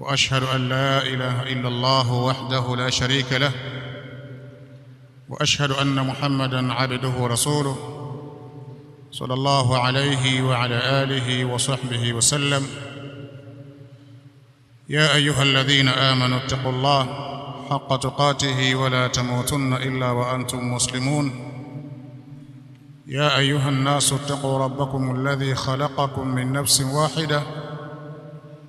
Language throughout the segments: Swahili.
واشهد ان لا اله الا الله وحده لا شريك له واشهد ان محمدا عبده ورسوله صلى الله عليه وعلى اله وصحبه وسلم يا ايها الذين امنوا اتقوا الله حق تقاته ولا تموتن الا وانتم مسلمون يا ايها الناس اتقوا ربكم الذي خلقكم من نفس واحده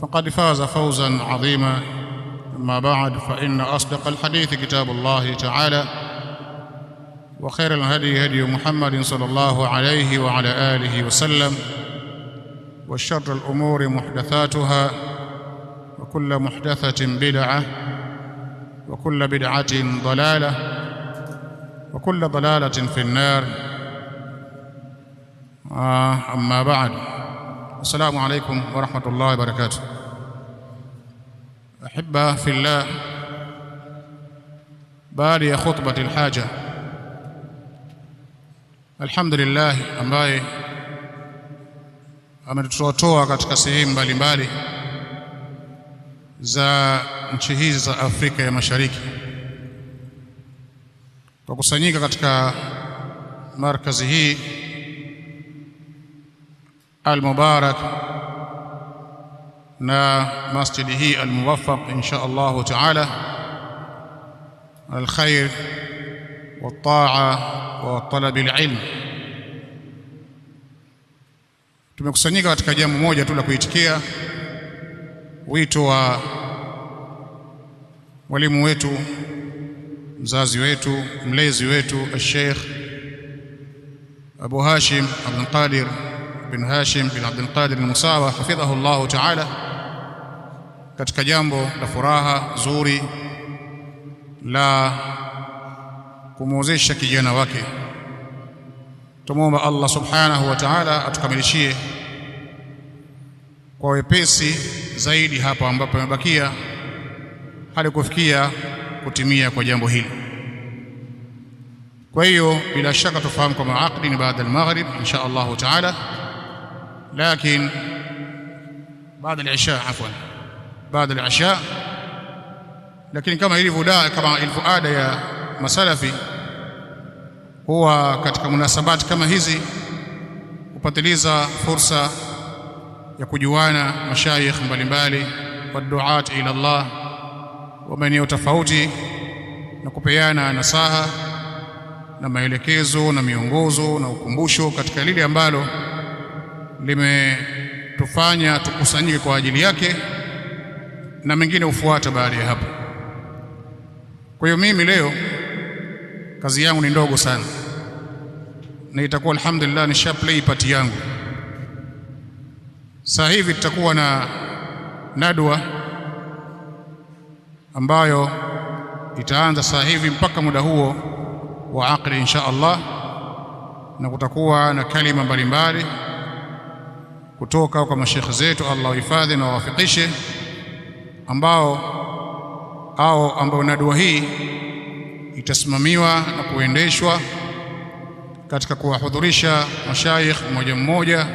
فقد فاز فوزا عظيما اما بعد فان اصدق الحديث كتاب الله تعالى وخير الهدي هدي محمد صلى الله عليه وعلى اله وسلم وشر الامور محدثاتها وكل محدثه بدعه وكل بدعه ضلاله وكل ضلاله في النار آه اما بعد Assalamu alaikum warahmatullahi wabarakatuh. Ahibba fillah, baada ya khutbati alhaja, alhamdulillah ambaye ametutoatoa katika sehemu mbalimbali za nchi hizi za Afrika ya Mashariki kwa kusanyika katika markazi hii al-Mubarak na masjidi hii al-Muwaffaq insha Allahu taala al-khair wat-taa Tumekusanyika katika jambo moja tu la kuitikia wito wa mwalimu wetu mzazi wetu mlezi wetu al-Sheikh Abu Hashim Abdul Qadir bin Hashim bin Abdul Qadir al-Musawa hafidhahu Allah taala katika jambo la furaha zuri la kumwozesha kijana wake. Tumwomba Allah subhanahu wa taala atukamilishie kwa wepesi zaidi hapa ambapo amebakia hadi kufikia kutimia kwa jambo hili. Kwa hiyo bila shaka tufahamu kwamba aqdi ni baada al-maghrib insha Allah taala. لكن بعد العشاء عفوا بعد العشاء لكن كما Lakini kama كما daa, kama ilivyo ada ya masalafi, huwa katika munasabati kama hizi hupatiliza fursa ya kujuana mashayikh mbalimbali waduat ila Allah wa maeneo tofauti, na kupeana nasaha na maelekezo na miongozo na ukumbusho katika lile ambalo limetufanya tukusanyike kwa ajili yake na mengine hufuata baada ya hapo. Kwa hiyo mimi leo kazi yangu ni ndogo sana, na itakuwa alhamdulillah play pati yangu. Sasa hivi tutakuwa na nadwa ambayo itaanza saa hivi mpaka muda huo wa akri insha Allah, na kutakuwa na kalima mbalimbali kutoka kwa mashekhe zetu, Allah wahifadhi na wawafikishe, ambao au ambao na dua hii itasimamiwa na kuendeshwa katika kuwahudhurisha mashaikh mmoja mmoja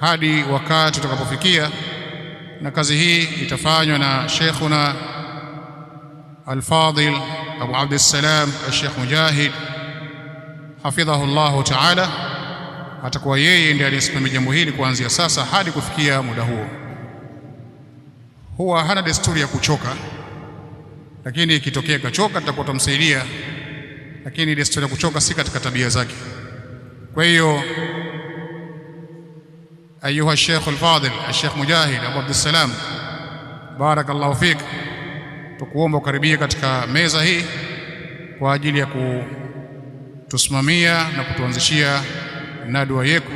hadi wakati utakapofikia, na kazi hii itafanywa na shekhuna Al-Fadil Abu Abdissalam Al-Sheikh Mujahid hafidhahu llahu taala atakuwa yeye ndiye aliyesimamia jambo hili kuanzia sasa hadi kufikia muda huo. Huwa hana desturi ya kuchoka, lakini ikitokea kachoka tutakuwa tumsaidia, lakini desturi ya kuchoka si katika tabia zake. Kwa hiyo ayuha Sheikh al-Fadil Sheikh Mujahid Abu Abdussalam, barakallahu fik, tukuomba ukaribia katika meza hii kwa ajili ya kutusimamia na kutuanzishia na dua yetu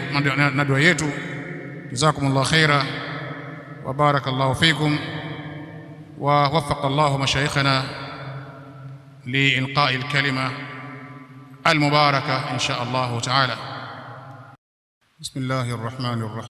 na dua yetu jazakumullah khaira wa barakallahu fikum wa waffaqa Allahu mashayikhana li ilqa'i al-kalima al-mubarakah insha Allah ta'ala بسم الله الرحمن الرحيم